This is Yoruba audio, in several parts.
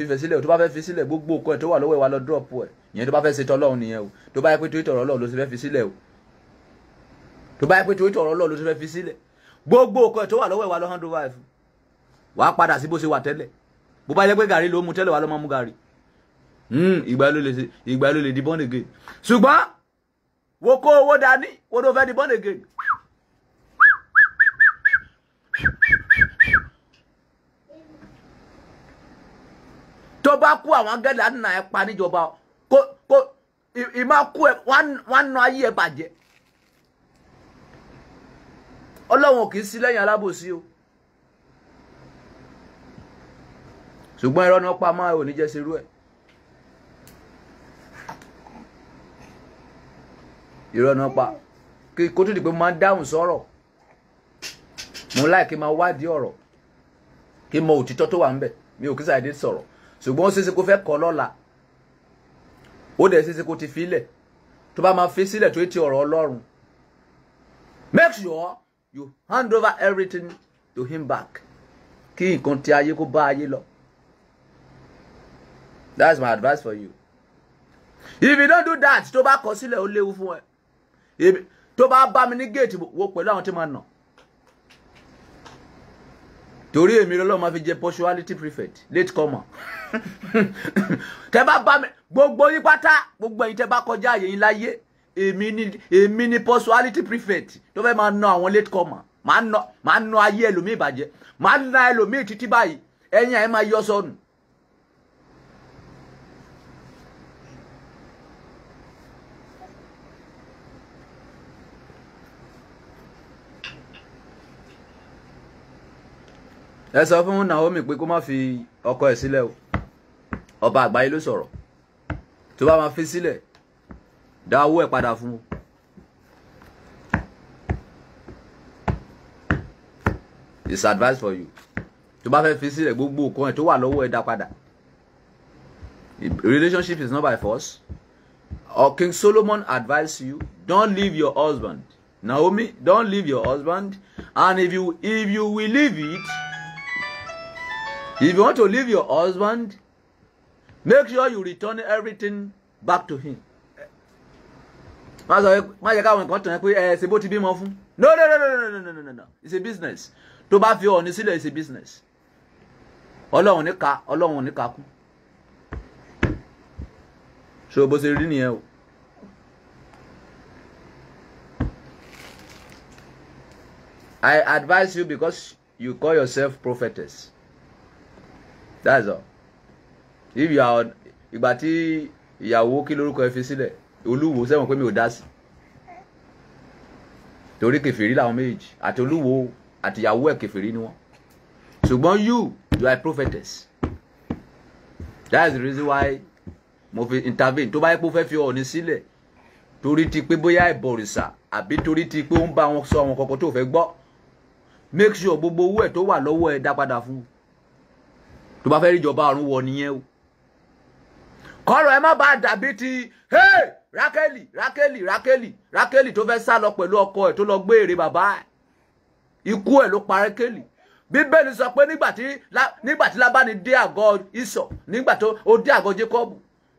fífẹ́ sílẹ̀ o tó bá fẹ́ fi sílẹ̀ gbogbo nǹkan tó wà lọ́wọ́ ẹ̀ wá lọ drop ẹ̀ ìyẹn tó bá fẹ́ ṣe tọ́lọ́run nìyẹn o tó bá yẹ pé torí tọ̀rọ̀ Ọlọ́run ló ti fẹ́ fi sílẹ̀ o tó bá yẹ pé torí tọ̀rọ̀ Ọlọ́run ló ti fẹ́ fi sílẹ̀ gbogbo nǹkan tó wà lọ́wọ́ ẹ̀ wá lọ hand over ẹ̀ fún wà padà sí bó ṣe wà tẹ́lẹ̀ bó bá yẹ pé gàrí ló mu tẹ́lẹ̀ wà lọ́ máa mu gàrí hmm, ìgbà ló lè di born again ṣùgbọ́n wo kó owó dání wo ló fẹ́ di born again tó bá kú àwọn gẹ́lẹ́ àdínà ẹ̀ pa níjọba kó kó ìmá kú ẹ wọ́n nọ ayé ẹ bàjẹ́ ọlọ́run kì í sí lẹ́yìn alábòsí o ṣùgbọ́n irọ́ náà pa máa ò ní jẹ́ serú ẹ̀ irọ́ náà pa kí kó tó di pé mo máa dáhùn sọ̀rọ̀ mo láì kí n máa wádìí ọ̀rọ̀ kí n mọ òtítọ́ tó wà ń bẹ̀ mi ò kí sàdédé sọ̀rọ̀ ṣùgbọ́n ó ṣeéṣe kó fẹ́ kọ́ lọ́la ó dẹ̀ ṣeéṣe kó ti filẹ̀ tó bá máa fi sílẹ̀ tó ti ọ̀rọ̀ Ọlọ́run make sure you hand over everything to him back kí nǹkan ti ayé kó bá ayé lọ that's my advice for you if you don't do that tó bá kọ sílẹ̀ ó léwu fún ẹ tó bá bá mi ní géètì wo pẹ̀lú àwọn tí mo nà torí èmi lọ́lọ́run máa fi jẹ punctuality prefect late comer tẹ bá bá mi gbogbo yín pátá gbogbo ẹ̀yin tẹ bá kọjá àyè yín láyé èmi ni èmi ni punctuality prefect tó fẹ́ máa na àwọn late comer máa na ayé ẹlòmíì bàjẹ́ máa na ẹlòmíì títí báyìí ẹ̀yin àyè máa yọ sọnù ẹ sọ fún Naomi pé kó má fi ọkọ ẹ̀ sílẹ̀ o ọba àgbáyé ló sọ̀rọ̀ tó bá máa fi sílẹ̀ dá owó ẹ̀ padà fún o. it's advice for you tó bá fẹ́ fi sílẹ̀ gbogbo nǹkan ẹ̀ tó wà lọ́wọ́ ẹ̀ dá padà relationship is not by force or King Solomon advise you don't leave your husband Naomi don't leave your husband and if you if you will leave it. If you want to leave your husband, make sure you return everything back to him. Má sọ má jẹ́ káwọn nǹkan tàn ẹ́ pé ẹ eh, ṣe bó ti bímọ fún. No no no no no no no no no it's a business. Tó bá fi ọ̀ọ́ni sílẹ̀ it's a business. Ọlọ́run ní ka Ọlọ́run ní ka kú. So bó ṣe rí nìyẹn o. I advise you because you call yourself prophetess that's all if you are ìgbà tí ìyàwó kí lórúkọ ẹ fi sílẹ̀ olúwo sẹ́wọ̀n pé mi ò dá sí torí kẹfìrí làwọn méjì àti olúwo àti ìyàwó ẹ̀ kẹfìrí ni wọ́n ṣùgbọ́n you you are a prophetess that is the reason why mo fi intervene tó bá yẹ pé ó fẹ́ fi Ọọ̀ni sílẹ̀ torí ti pé bóyá ìbọ̀rìṣà àbí torí ti pé ó ń bá wọn sọ àwọn kọ̀ọ̀kan tó fẹ́ gbọ́ make sure gbogbo owó ẹ̀ tó wà lọ́wọ́ ẹ̀ dá padà fún un tó bá fẹ́ rí ìjọba ọ̀run wọ nìyẹn o kọ́rọ̀ ẹ má bàa dàbí ti hey rákẹ́lì rákẹ́lì rákẹ́lì rákẹ́lì tó fẹ́ sá lọ pẹ̀lú ọkọ ẹ̀ tó lọ gbé èrè bàbá ẹ̀ ikú ẹ̀ ló pa rákẹ́lì bíbélì sọ pé nígbà tí lábáni dé àgọ́ ìsọ̀ nígbà tó ó dé àgọ́ jacob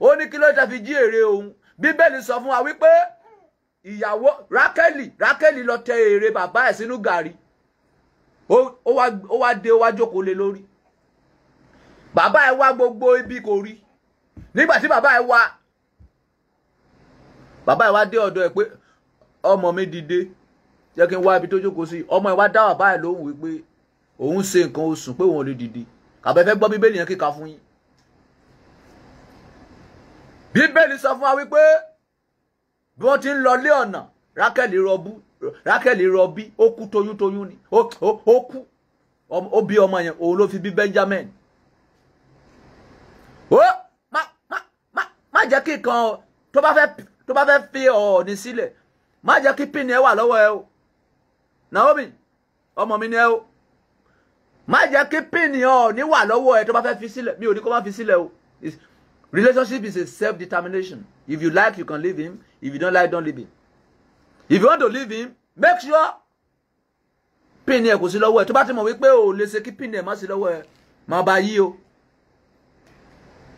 ó ní kí ló ta fi jí èrè òun bíbélì sọ fún wa wípé ìyàwó rákẹ́lì rákẹ́lì lọ tẹ èrè bàbá ẹ̀ sínú gàrí ó wá dé ó wá jókòó lórí bàbá ẹ wá gbogbo ibi kò rí nígbà tí bàbá ẹ wá bàbá ẹ wá dé ọ̀dọ̀ ẹ pé ọmọ mi dìde jẹ́ kí n wá ibi tó jókòó sí ọmọ ẹ wá dá bàbá ẹ lóhùn wípé òun ṣe nǹkan oṣù pé òun ò lè dìde kàbẹ́ fẹ́ gbọ́ bíbélì yẹn kíka fún yín bíbélì sọ fún wa wípé bí wọ́n ti ń lọ lé ọ̀nà rákẹ́lì rọbú rákẹ́lì rọbí ó kú toyúntoyún ni ó kú ó bí ọmọ yẹn òun ló fi bí Benjamin jẹ́ kí kan o tó bá fẹ́ tó bá fẹ́ fi ọ̀ọ̀ni sílẹ̀ má jẹ́ kí pin ẹ wà lọ́wọ́ ẹ o Naomi ọmọ mi ni ẹ o má jẹ́ kí pin ọ̀ọ̀ni wà lọ́wọ́ ẹ tó bá fẹ́ fi sílẹ̀ mi ò ní kó má fi sílẹ̀ o relationship is a self determination if you like you can leave him if you don't like don't leave him if you want to leave him make sure pin ẹ kò sí lọ́wọ́ ẹ tó bá ti mọ̀ wípé o lè ṣe kí pin ẹ má sí lọ́wọ́ ẹ má ba yí o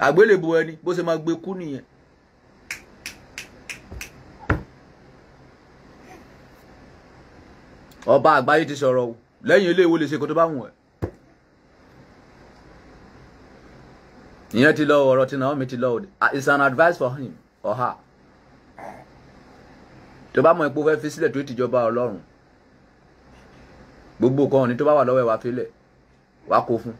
àgbélébù ẹni bó ṣe máa gbé kú nìyẹn. ọba àgbáyé ti sọ̀rọ̀ o lẹ́yìn ilé ìwé lè ṣe kó tó bá wù ẹ́. ìyẹn ti lọ ọ̀rọ̀ tí Naomi ti lọ òde ah, it's an advice for him or her. tó bá mọ ipò fẹ́ fi sílẹ̀ tó ìtìjọba ọlọ́run gbogbo kan ní tó bá wà lọ́wọ́ ẹ̀ wá fi lẹ̀ wá kó fún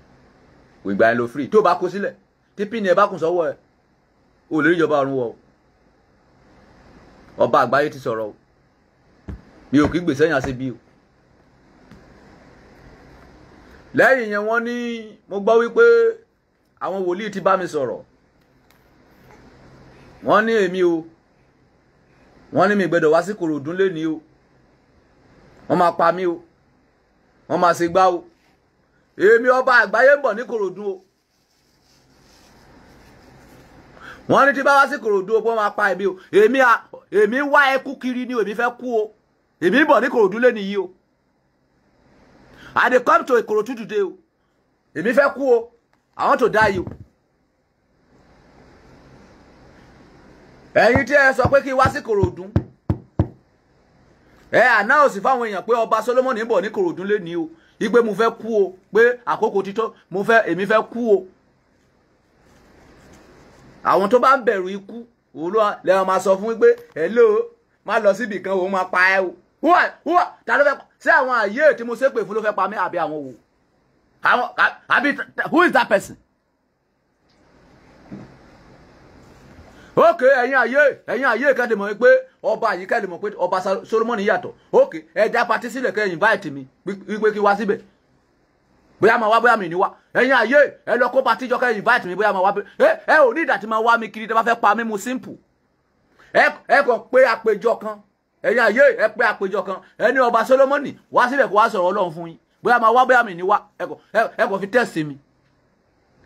ìgbà yẹn ló free tó bá kó sílẹ̀ pípín ni ẹ bá kùn sọ́wọ́ ẹ ò lè ríjọba ọ̀run wọ̀ ọba àgbáyé ti sọ̀rọ̀ o mi ò kí gbèsè yàn síbi o lẹ́yìn yẹn wọ́n ní mo gbọ́ wípé àwọn wòlíì ti bá mi sọ̀rọ̀ wọ́n ní èmi o wọ́n ní mi gbẹ́dọ̀ wá sí Kòròdú lẹ́ni o wọ́n máa pa mí o wọ́n máa ṣe gbá o èmi ọba àgbáyé ń bọ̀ ní Kòròdú o. wọ́n ní tí bá wá sí kòròdú ó pọ́n pa èmi o emi wá ẹkú kiri ni èmi fẹ́ kú o èmi bọ̀ ní kòròdú lé nìyí o i dey come to ìkòròdú today o emi fe kú o i want to die o. ẹ̀yin tí ẹ sọ pé kí n wá sí kòròdú ẹ ànáòsì fáwọn èèyàn pé ọba solomoni ń bọ̀ ní kòròdú lé ní o igbe mo fẹ́ kú o pé àkókò ti tó mo fẹ́ èmi fẹ́ kú o. àwọn tó bá ń bẹ̀rù ikú olúwa lẹ́wọ̀n máa sọ fún wípé hello má lọ síbi kan òun máa pa ẹ́ o wúwà wúwà ta ló fẹ́ pa ṣé àwọn àyè tí mo ṣépè fún ló fẹ́ pa mí àbí àwọn wò àwọn àbí who is that person ókè ẹ̀yin ayé ẹ̀yin ayé kẹ́ndé mọ̀ pé ọba yìí kẹ́ndé mọ̀ pé ọba Solomoni yàtọ̀ ókè ẹ̀dá patí sílẹ̀ kẹ́ invite mi wípé kí wá síbẹ̀ bóyá máa wá bóyá mi ní wá ẹ̀yin ayé ẹ lọ kó patí jọ kẹ́ invite mi bóyá máa wá ẹ ẹ ò ní ìdàtí máa wá mi kiri tẹ́ bá fẹ́ pa mí simple ẹ kàn pé àpèjọ kan ẹ̀yin ayé ẹ pé àpèjọ kan ẹni ọba Solomoni wá síbẹ̀ kó wá sọ̀rọ̀ Ọlọ́run fún yín bóyá máa wá bóyá mi ní wá ẹ kàn fi test mi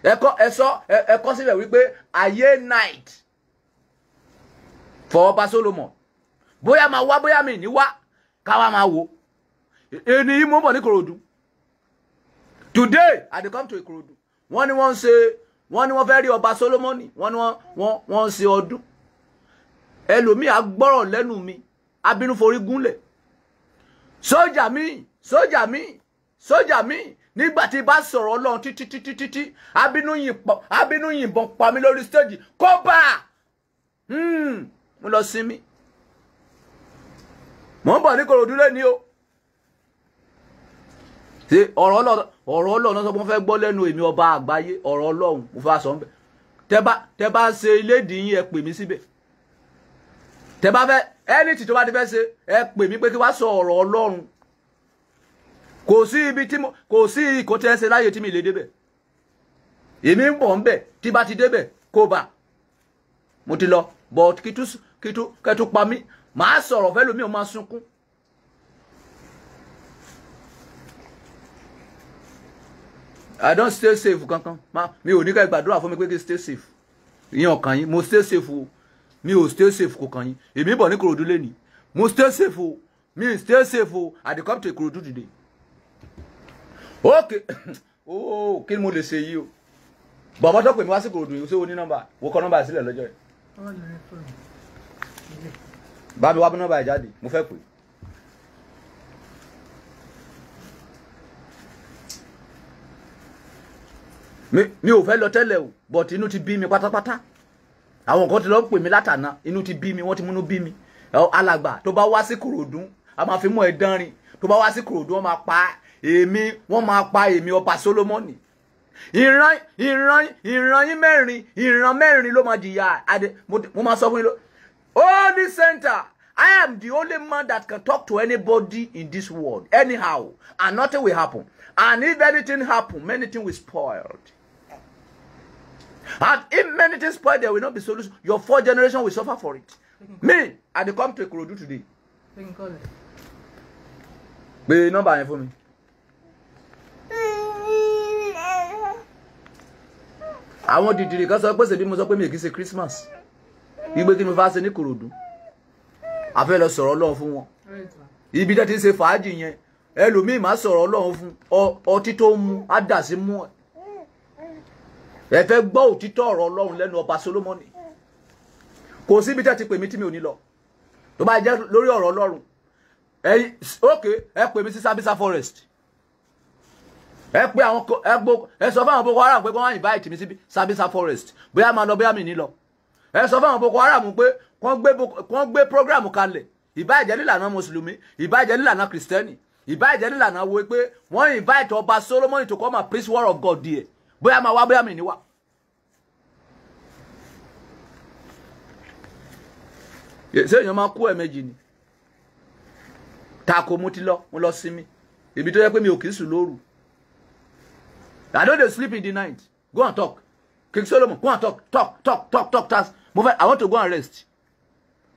ẹ kọ ẹ sọ ẹ kọ síbẹ̀ wípé ayé night for ọba Solomon bóyá máa wá bóyá mi ní wá káwá máa wò ẹni yìí bọ̀ ní Kòròdú today i dey come to Ikorodu wọ́n ní wọ́n ń ṣe wọ́n ní wọ́n fẹ́ rí ọba Solomoni wọ́n ní wọ́n wọ́n ń ṣe ọdún ẹlòmíì á gbọ́rọ̀ lẹ́nu mi abínú forí gúnlẹ̀ sójà mi sójà mi sójà mi nígbà tí bá sọ̀rọ̀ ọlọ́run títí títí títí abínú yìnbọn pa mí lórí stéèjì kọ́bà hmm, mo lọ sinmi mo ń bọ̀ ní Ìkòròdú lẹ́ni o ṣe ọ̀rọ̀ ọlọ́run náà sọ pé wọ́n fẹ́ gbọ́ lẹ́nu èmi ọba àgbáyé ọ̀rọ̀ ọlọ́run mo fẹ́ sọ ńbẹ̀ tẹ bá ṣe ilédìí yín ẹ pè mí síbẹ̀ tẹ bá fẹ́ ẹni tí tó bá ti fẹ́ ṣe ẹ pè mí pé kí wá sọ ọ̀rọ̀ ọlọ́run kò sí ibi tí mo kò sí ikò tẹ́ ṣe láyé tí mi lè débẹ̀ èmi ń bọ̀ ńbẹ̀ tí bá ti débẹ̀ kó bá mo ti lọ but kí tú kí tú kẹ́ tú pa mí màá sọ̀rọ̀ fẹ́ lómi ò máa sunkún i don't stay safe kankan ma mi ò ní ká gbàdúrà fún mi pé kí n stay safe ìyẹn ọkàn yín mo stay safe o mi ò stay safe kò kàn yín èmi bọ̀ ní korodu lẹ́ni mo stay safe o mi stay safe o i dey come to korodu today okay Oh, kí mo le se yìí o bàbá tó pè mí wá sí korodu yìí ṣé o ní number wo kọ nọ́mbà sílẹ̀ lọ́jọ́ yìí bá mi wá bí number ẹ̀ jáde mo fẹ́ pè é. mi ò fẹ́ lọ tẹ́lẹ̀ o but inú ti bí mi pátápátá àwọn kan ti lọ pè mí látàná inú ti bí mi wọ́n ti múnú bí mi alàgbà tó bá wá sí kòròdú a máa fi mú ẹ dánrin tó bá wá sí kòròdú wọ́n máa pa èmi wọ́n máa pa èmi ọba Solomoni ìran ìran ìran yín mẹ́rin ìran mẹ́rin ló máa jìyà adé mo máa sọ fún yín lọ holy center I am the only man that can talk to anybody in this world anyhow and nothing will happen and if anything happen many things will spoiled And if many things spoil, there will not be solution. Your fourth generation will suffer for it. Me, I dey come to Ikorodu today. Pe nọ́mbà yẹn fún mi. Àwọn dìdìrì kan sọ pé ṣèbí mo sọ pé mi kì í ṣe Christmas. Igbe kí ni mo fà ṣe ní Ikorodu. A fẹ́ lọ sọ̀rọ̀ Ọlọ́run fún wọn. Ibi tẹ́ ti ń ṣe fàájì yẹn. Ẹlòmíì máa sọ̀rọ̀ Ọlọ́run fún ọtí tó ń mu, á dà sí mú ẹ̀ ẹ fẹ́ gbọ́ òtítọ́ ọ̀rọ̀ ọlọ́run lẹ́nu ọba solomoni kò síbi tẹ́ ti pè mí tí mi ò ní lọ tó bá jẹ́ lórí ọ̀rọ̀ ọlọ́run ẹ̀yin ókè ẹ pè mí sí Sambisa forest ẹ pé àwọn ẹgbó ẹ sọ fáwọn Boko Haram pé kí wọ́n invite mi sí Sambisa forest bóyá máa lọ bóyá mi ní lọ ẹ sọ fáwọn Boko Haram pé wọ́n gbé program kalẹ̀ ìbáàjẹ́ nílànà mùsùlùmí ìbáàjẹ́ nílànà kìrìsìtẹ́nì ìbáàjẹ́ nílànà wo pé wọ́n invite ọba Solomoni to come and preach word of God there bóyá máa wá bóyá mi ní wá. ṣé èèyàn máa kú ẹ̀ẹ̀mejì ni taako mo ti lọ mo lọ sinmi ibi tó yẹ pé mi ò kì í sùn lóru I don't dey sleep in the night go and talk King Solomon go and talk talk talk talk talk talk mo fẹ́ I want to go and rest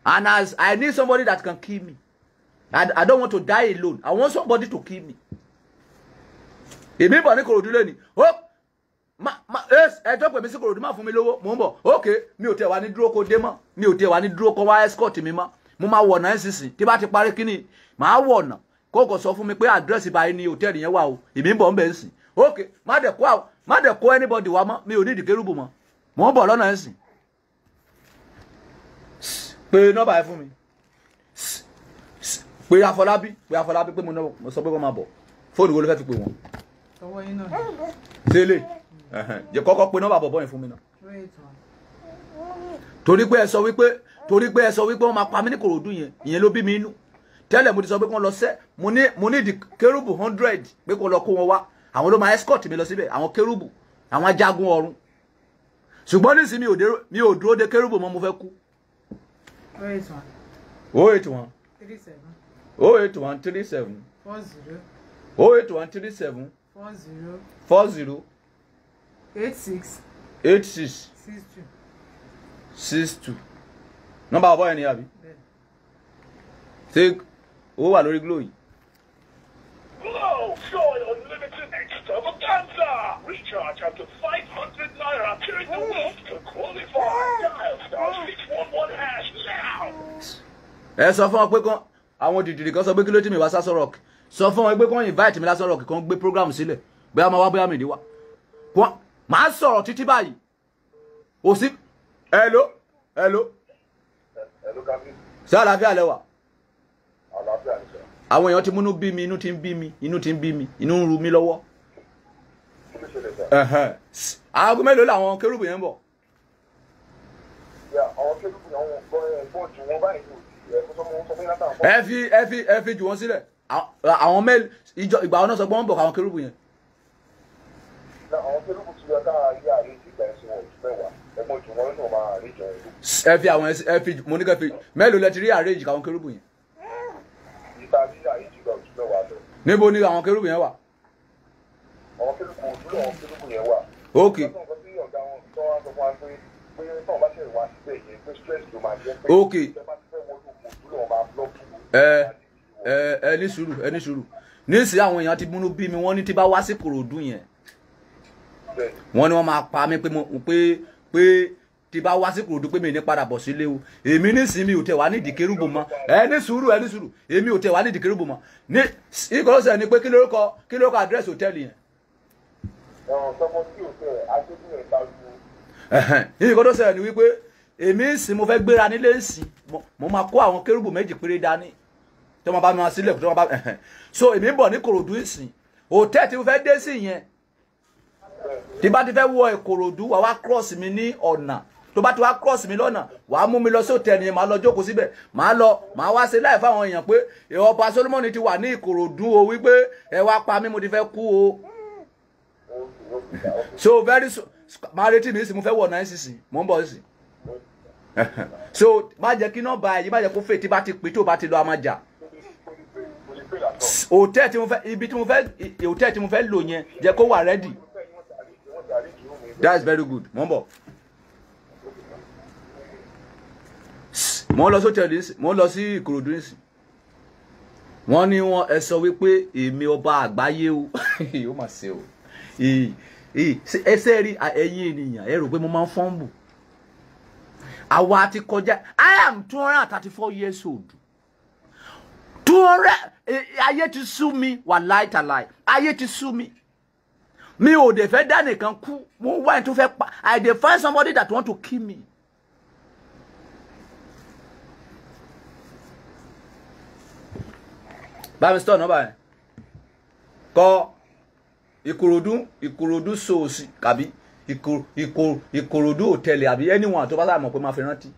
and as I need somebody that can kill me I, I don't want to die alone I want somebody to kill me èmi bọ̀ ní Kòròdú lónìí hope ẹjọ́ pèmí sí kòròdú má fún mi lówó mò ń bọ̀ okay mi ò tẹ̀ wá ní dúró kó dé mọ́ mi o tẹ̀ wá ní dúró kó wá escort mi mọ́ mo máa wọ̀nà ncc tí bá ti parí kíní màá wọ̀nà kókò sọ fún mi pé àdírẹ́sì báyìí ni hòtẹ́ẹ̀lì yẹn wà o èmi ń bọ̀ ń bẹ̀ ń sìn okay má de kó má de kó anybody wá mọ́ mi ò ní ìdíkérúbù mọ́ mò ń bọ̀ lọ́nà ncc pé nọ́mbà ẹ fún mi pé afọlábí pé afọlábí pé mo sọ pé wọ́n máa bọ̀ fóònù wo ló fẹ́ fi pè wọ́n. ọwọ́ yín náà. sílẹ̀ jẹ́ kọ́kọ́ pé nọ́mbà bọ̀bọ́ yẹn fún mi náà torí pé ẹ sọ wípé torí pé ẹ sọ wípé wọ́n máa pa mí ní Kòròdú yẹn ìyẹn ló bí mi inú tẹ́lẹ̀ mo ti sọ pé kí wọ́n lọ sẹ́ mo ní ìdí kérúbù hundred pé kó lọ kó wọn wá àwọn ló máa escort mi lọ síbẹ̀ àwọn kérúbù àwọn ajagun ọ̀run ṣùgbọ́n nísìnyí mi ò dúró de kérúbù mọ́ mo fẹ́ kú. o oh eight one o oh eight one three seven four zero o oh eight one three seven four zero four zero eight six. eight six. six two. six two. Number ọ̀bọ yẹn ni àbí. ṣé owó wà lórí glo yìí. Glow, joy unlimited external dancer. Recharge up to five hundred naira during the week to qualify. Dial star one hash now. Ẹ sọ fún ọ pé kán àwọn dìdìrì kan sọ pé kí ló tì mí wá sásọ rock sọ fún wọn pé kán invite mi lásán rock kan gbé program sílẹ̀ bóyá máa wá bóyá mi ní wá màá sọ̀rọ̀ títí báyìí ò sí hello hello sí àlàáfíà lẹ wà àwọn èèyàn ti múnú bí mi inú ti ń bí mi inú ti ń bí mi inú ń ru mi lọ́wọ́ aago mélòó làwọn kérúbù yẹn ń bọ̀. ẹ fi ẹ fi ẹ fi jù wọn sílẹ̀ àwọn mélòó ìgbà wọn náà sọ pé wọ́n ń bọ̀ káwọn kérúbù yẹn ẹ fi àwọn ẹ fi mo ní ká fi mélòó lẹ ti rí àrèjì àwọn kérúbù yẹn. níbo ni àwọn kérúbù yẹn wà. ok. ok. ẹ ẹ ẹ ní sùúrù ẹ ní sùúrù nísìnyí àwọn èèyàn ti múnú bí mi wọ́n ní tí bá wá sí Kòròdú yẹn wọ́n ní wọ́n máa pa mí pé pé pé tí bá wá sí kúròdú pé mi ní padà bọ̀ sílé o èmi nísìnyí ò tẹ̀ wá ní ìdíkérúbù mọ́ ẹ ní sùúrù ẹ ní sùúrù èmi ò tẹ̀ wá ní ìdíkérúbù mọ́ ní ìkọlọ́sẹ̀ ni pé kí lórúkọ kí lórúkọ àdírẹ́sì hòtẹ́ẹ̀lì yẹn. ìkọ́ tó sẹ̀rẹ̀ ni wípé èmi ń sìn mo fẹ́ gbéra nílé ń sìn mo máa kó àwọn kérúbù méjì péré dání tó máa bá mi wá sílẹ̀ tó máa bá so èmi ń bọ̀ ní kòròdú ń sìn hòtẹ́ẹ̀ tí mo fẹ́ dé sí yẹn tí bá ti fẹ́ wọ Ìkòròdú wà wá cross mi ní ọ̀nà tó bá ti wá cross mi lọ́nà wàá mú mi lọ sí òtẹ́ ẹnìyẹn màá lọ jókòó síbẹ̀ màá lọ màá wá ṣe láì fáwọn èèyàn pé ọba Solomoni ti wà ní Ìkòròdú o wípé ẹ wá pa mí mo ti fẹ́ kú o so very so màá retí mi sí mo fẹ́ wọ̀ náà sísìn mò ń bọ̀ sí so má jẹ́ kí nọ́ọ̀bà yìí má jẹ́ kó fè tí bá ti pè tó bá ti lọ a máa jà òtẹ́ tí mo fẹ́ ibi tí mo fẹ́ òtẹ́ tí mo fẹ́ lò yẹn jẹ́ kó wà rẹ́dì. That is very good mò ń bọ̀ mò ń lọ sótẹ́ẹ̀lì mò ń lọ sí ìkòròdú nísìn wọ́n ní wọ́n ẹ sọ wípé èmi ọba àgbáyé o ó mà ṣe o ẹsẹ̀ rí ẹ̀yin ènìyàn ẹ rò pé mo máa ń fọ́nbù àwa ti kọjá i am two hundred and thirty four years old two hundred ayé ti sú mi wà láìtàláì ayé ti sú mi Me ò dẹ̀ fẹ́ dá nìkan kú mo ń wá ẹni tó pa i dey find somebody that want to kill me. bá mi sọ nọ́mbà yẹn kọ ìkòròdú ìkòròdú sòòsì kàbí ìkòròdú òtẹ́lẹ̀ àbí anyone tó bá sáà mọ̀ pé máa fi rántí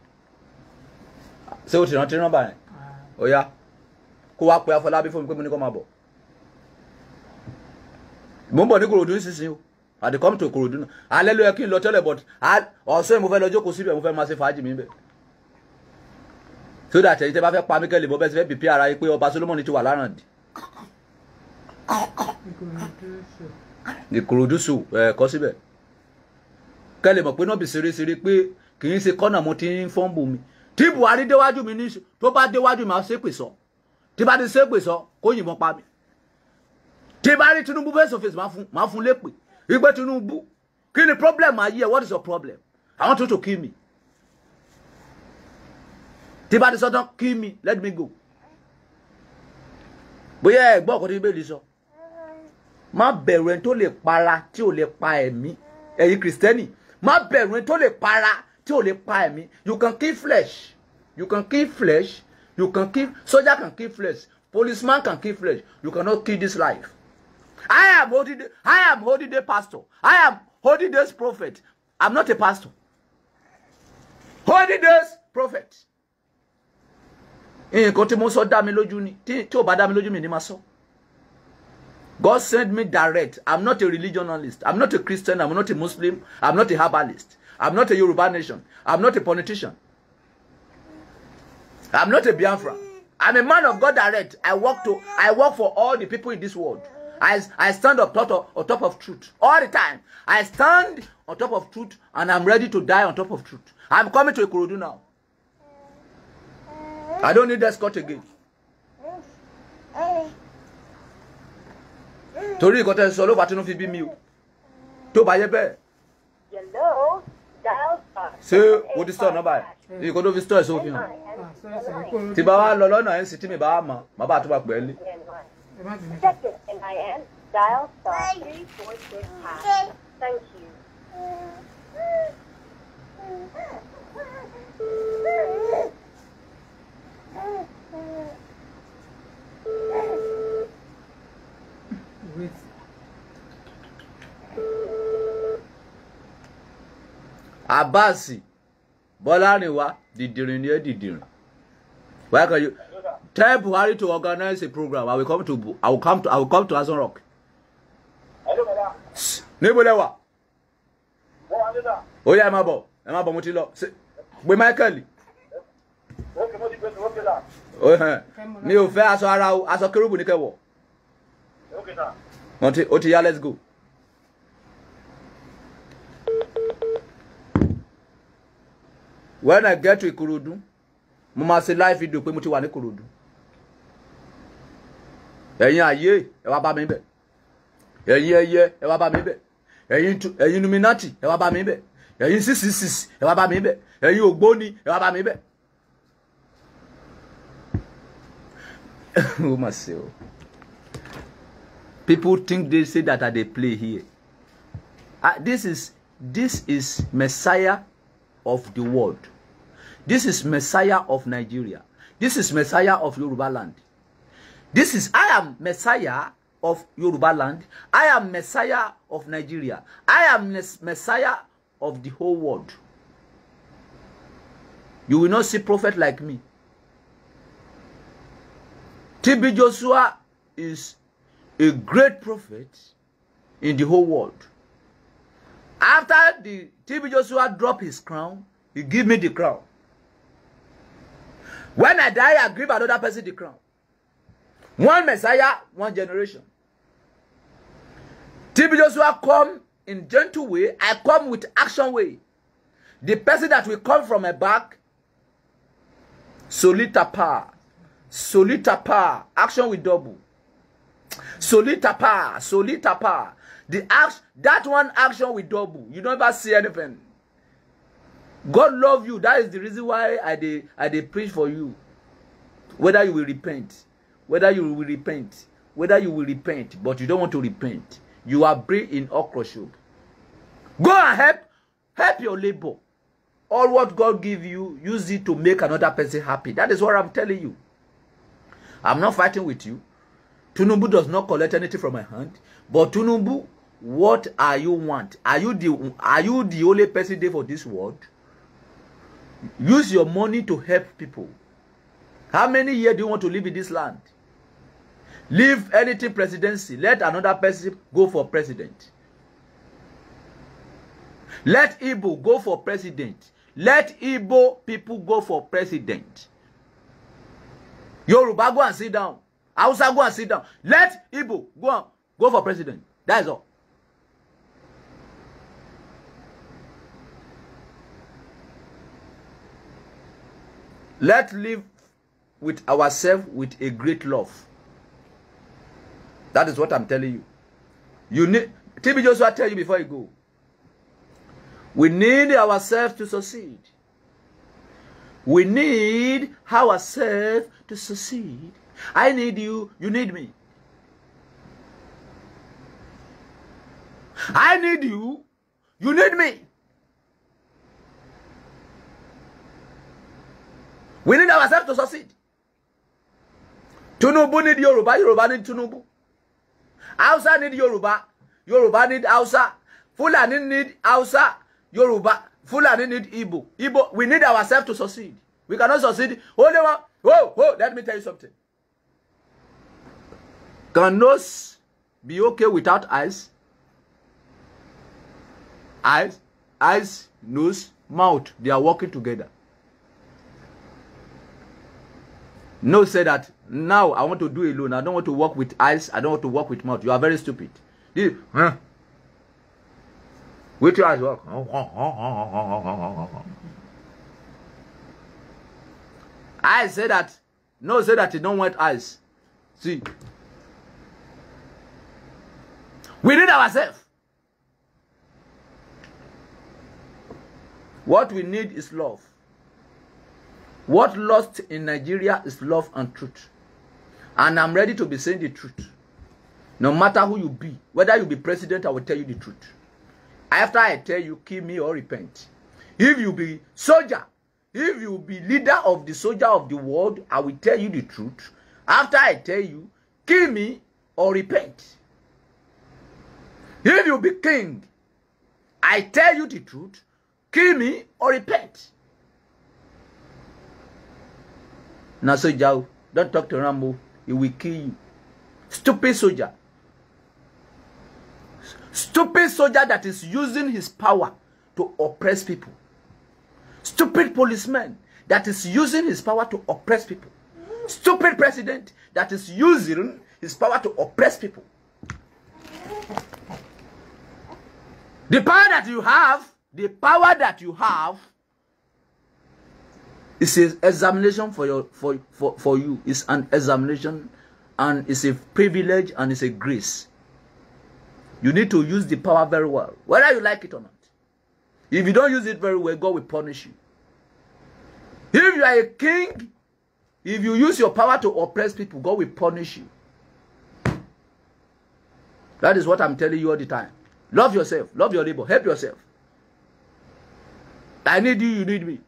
ṣé o ti rántí nọ́mbà yẹn ah. ó yá kó wá pe Afọlábí fún mi pé mo ní kó máa bọ̀ mo ń bọ̀ ní korodu nísinsìnyí o àti come to korodu náà alẹ́ ló yẹ kí n lọ tẹ́lẹ̀ but ọ̀sán mo fẹ́ lọ jókòó síbẹ̀ mo fẹ́ máa ṣe fàájì mi bẹ̀ so that ẹ̀yin tẹ́ bá fẹ́ pa mí kẹ́lẹ̀ bọ́ bẹ́ẹ̀ ti fẹ́ bìpí ara yín pé ọba Solomon ti wà láràn dì ìkòròdú sùn ẹ̀ kọ́ síbẹ̀ kẹ́lẹ̀ mọ̀ pé náà bì ṣeréṣeré pé kì í ṣe kọ́nà mo ti ń fọ́ǹbù mi tí Buhari déwájú mi ní tó bá déwájú mi máa ṣépè sọ tí bá ti ṣépè sọ kó yìnbọn pa mi tí bá rí Tinubu face to face máa fún máa fún lépè ìgbẹ́ Tinubu kí problem ayé what is your problem I want you to kill me tí bá ti sọ tán kill me let me go bóyá ẹ gbọ́ ọ̀kan tí bẹ́ẹ̀ lè sọ má bẹ̀rù ẹni tó lè para tí ò lè pa ẹ̀mí ẹ̀yin kìrìsìtẹ́nì má bẹ̀rù ẹni tó lè para tí ò lè pa ẹ̀mí you can kill flesh you can kill flesh you can kill soldier can kill flesh policeman can kill flesh you cannot kill this life. I am holy day, I am holy day pastor. I am holy days prophet. I'm not a pastor. Holy days prophet. Nǹkan tí mo sọ dá mi lójú ni tí ò bá dá mi lójú mi ni máa sọ. God send me direct. I'm not a religionalist. I'm not a Christian. I'm not a Muslim. I'm not a herbalist. I'm not a Yoruba nation. I'm not a politician. I'm not a Biafra. I'm a man of God direct. I work to I work for all the people in this world. I, I stand up top, of, on top of truth all the time. I stand on top of truth and I'm ready to die on top of truth. I'm coming to Ikurudu now. I don't need escort again. torí nǹkan got a solo bá tinú fi bí mi o tó bá yẹ bẹ́ẹ̀. ṣé o ti sọ nọ́mbà yìí nǹkan You fi to ẹ̀ sófin hàn ah, tí bá wa lolo lọ́nà ẹ̀ ń sì tí mi bá wà mọ̀ màá Second MIN, dial star 346 hash. Thank you. With Abasi Bọ́lárìnwá dìdìrìn ni ẹ dìdìrìn. Why can you? Tell Buhari to organize a program. I will come to I will come to I will come to Azon Rock. Hello, madam. Níbo lẹ wà? Mo wà nígbà. Ó yá ẹ Michael. Ókè mo ti gbé sọ ókè là. Mi ò fẹ́ aṣọ ara o, aṣọ kérúbù ní kẹwọ̀. Ókè sà. Wọ́n let's go. When I get to Ikorodu, mo máa ṣe live video pé mo ti wà ní Ikorodu ẹ̀yin ayé ẹ wá bá mi bẹ̀ ẹ̀yin ẹyẹ ẹ wá bá mi bẹ̀ ẹ̀yin numinati ẹ wá bá mi bẹ̀ ẹ̀yin sísìsìs ẹ wá bá mi bẹ̀ ẹ̀yin ògbóni ẹ wá bá mi bẹ̀. ó mà ṣe o people think they say that i dey play here uh, this is this is messiah of the world this is messiah of nigeria this is messiah of yoruba land This is, I am Messiah of Yoruba land. I am Messiah of Nigeria. I am Messiah of the whole world. You will not see prophet like me. TB Joshua is a great prophet in the whole world. After the TB Joshua dropped his crown, he gave me the crown. When I die, I give another person the crown. One Messiah, one generation. TB Joshua come in gentle way. I come with action way. The person that will come from a back, Solita solita solitapa, action will double. Solita solita solitapa. The action, that one action will double. You don't ever see anything. God love you. That is the reason why I they, I they preach for you. Whether you will repent whether you will repent whether you will repent but you don't want to repent you are brave in okroshop go and help help your labor. all what God give you use it to make another person happy that is what I'm telling you I'm not fighting with you Tunubu does not collect anything from my hand but Tunubu, what are you want are you the are you the only person there for this world use your money to help people how many years do you want to live in this land leave anything presidency let another person go for president let Igbo go for president let Igbo people go for president Yoruba go and sit down Hausa go and sit down let Igbo go and go for president that is all. Let live with ourselves with a great love That is what I'm telling you. You need TB Joshua tell you before you go. We need ourselves to succeed. We need ourselves to succeed. I need you, you need me. I need you, you need me. We need ourselves to succeed. Tunubu need Yoruba, Yoruba need Tunubu. Hausa need Yoruba, Yoruba need Hausa, Fulani need Hausa, Yoruba, Fulani need Igbo. Igbo, we need ourselves to succeed. We cannot succeed. Hold on, whoa, whoa, let me tell you something. Can nose be okay without eyes? Eyes, eyes, nose, mouth, they are working together. No, say that now I want to do alone. I don't want to work with eyes. I don't want to work with mouth. You are very stupid. This, huh? With your eyes work. I say that. No, say that you don't want eyes. See. We need ourselves. What we need is love. What lost in Nigeria is love and truth. And I'm ready to be saying the truth. No matter who you be, whether you be president, I will tell you the truth. After I tell you, kill me or repent. If you be soldier, if you be leader of the soldier of the world, I will tell you the truth. After I tell you, kill me or repent. If you be king, I tell you the truth, kill me or repent. na soldier o don talk to rambo he will kill you stupid soldier stupid soldier that is using his power to oppress people stupid policeman that is using his power to oppress people stupid president that is using his power to oppress people the power that you have the power that you have It's an examination for your for, for, for you. It's an examination and it's a privilege and it's a grace. You need to use the power very well, whether you like it or not. If you don't use it very well, God will punish you. If you are a king, if you use your power to oppress people, God will punish you. That is what I'm telling you all the time. Love yourself. Love your neighbor. Help yourself. I need you, you need me.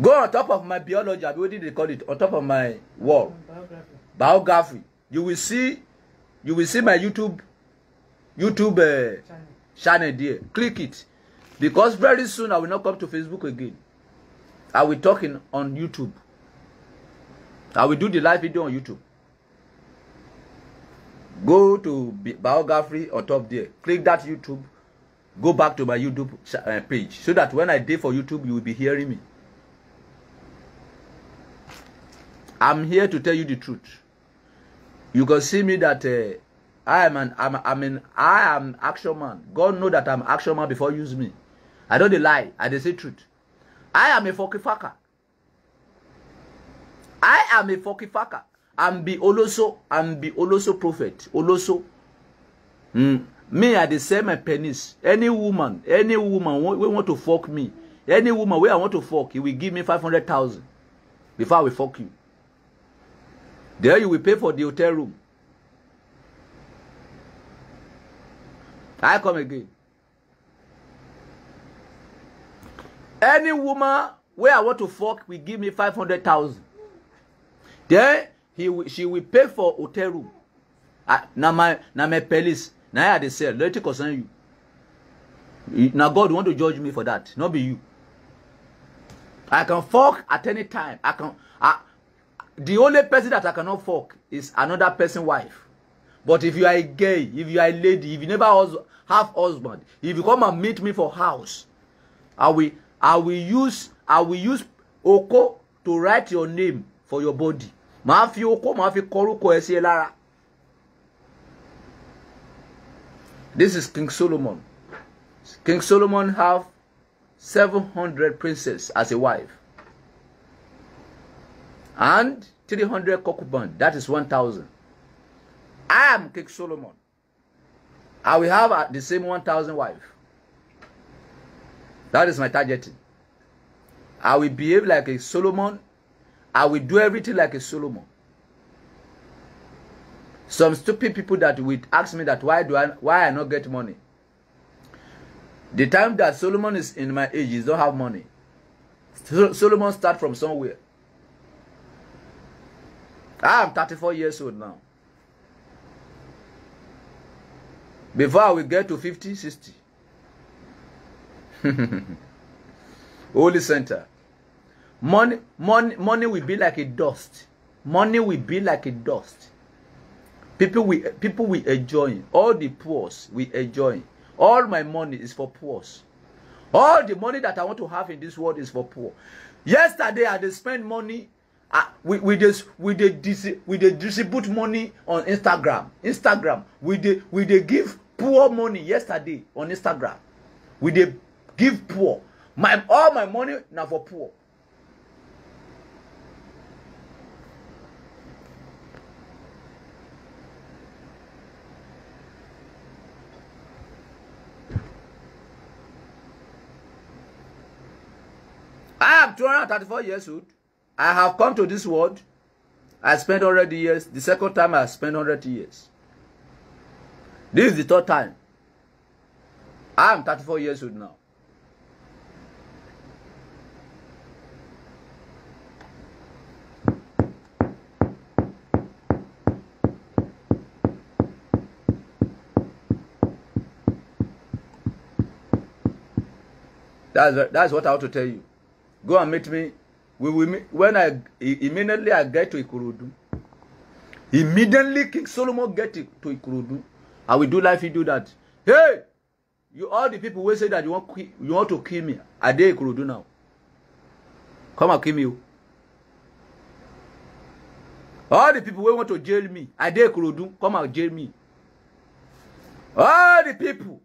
go on top of my biology abi wetin dey call it on top of my wall biography. biography you will see you will see my youtube youtube uh, channel. channel there click it because very soon i will not come to facebook again i will talk in, on youtube i will do the live video on youtube go to biography on top there click that youtube go back to my youtube uh, page so that when i dey for youtube you will be hearing me I'm here to tell you the truth. You can see me that uh, I am an I'm, I'm an I am action man. God know that I'm action man before use me. I don't lie. I dey say truth. I am a fokifaka. I am a fokifaka. I'm be oloso. I'm be oloso prophet. Oloso. Mm. Me I dey sell my penis. Any woman, any woman we want to fuck me, any woman where I want to fuck, he will give me five hundred thousand before we fuck you. There you will pay for the hotel room. I come again. Any woman where I want to fuck will give me 500,000. Then he she will pay for hotel room. Ah, now my now my palace. Now I they say, let it concern you. Now God want to judge me for that, not be you. I can fuck at any time. I can the only person that I cannot fuck is another person's wife. But if you are a gay, if you are a lady, if you never have husband, if you come and meet me for house, I will I will use I will use oko to write your name for your body. Màá fi oko Ma fi kọrúkọ ẹ sí ẹ lara? This is King Solomon. King Solomon have seven hundred princesses as a wife and 300 concubines. That is 1,000. I am King Solomon. I will have uh, the same 1,000 wife. That is my targeting. I will behave like a Solomon. I will do everything like a Solomon. Some stupid people that would ask me that why do I why I not get money. The time that Solomon is in my age, he don't have money. Solomon start from somewhere. I'm 34 years old now. Before I will get to 50, 60. Holy Center. Money, money, money will be like a dust. Money will be like a dust. People will, people will enjoy. All the poor will enjoy. All my money is for poor. All the money that I want to have in this world is for poor. Yesterday, I did spent money Ah, we we just we dey we dey distribute money on instagram instagram we dey we dey give poor money yesterday on instagram we dey give poor my all my money na for poor. I am two hundred thirty four years old. I have come to this world. I spent already years. The second time I spent 100 years. This is the third time. I am 34 years old now. That's, that's what I want to tell you. Go and meet me we will when I immediately I get to Ikurudu. immediately King Solomon get to Ikurudu, I will do like he do that. Hey, you all the people wey say that you want you want to kill me, I dey Ikurudu now. Come and kill me oh. All the people wey want to jail me, I dey Ikurudu. come and jail me. All the people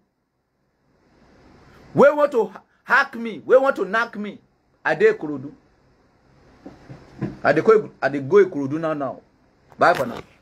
wey want to hack me, wey want to knock me, I dey Ikorodu. I dey go go, Ikorodu now now. Bye for now.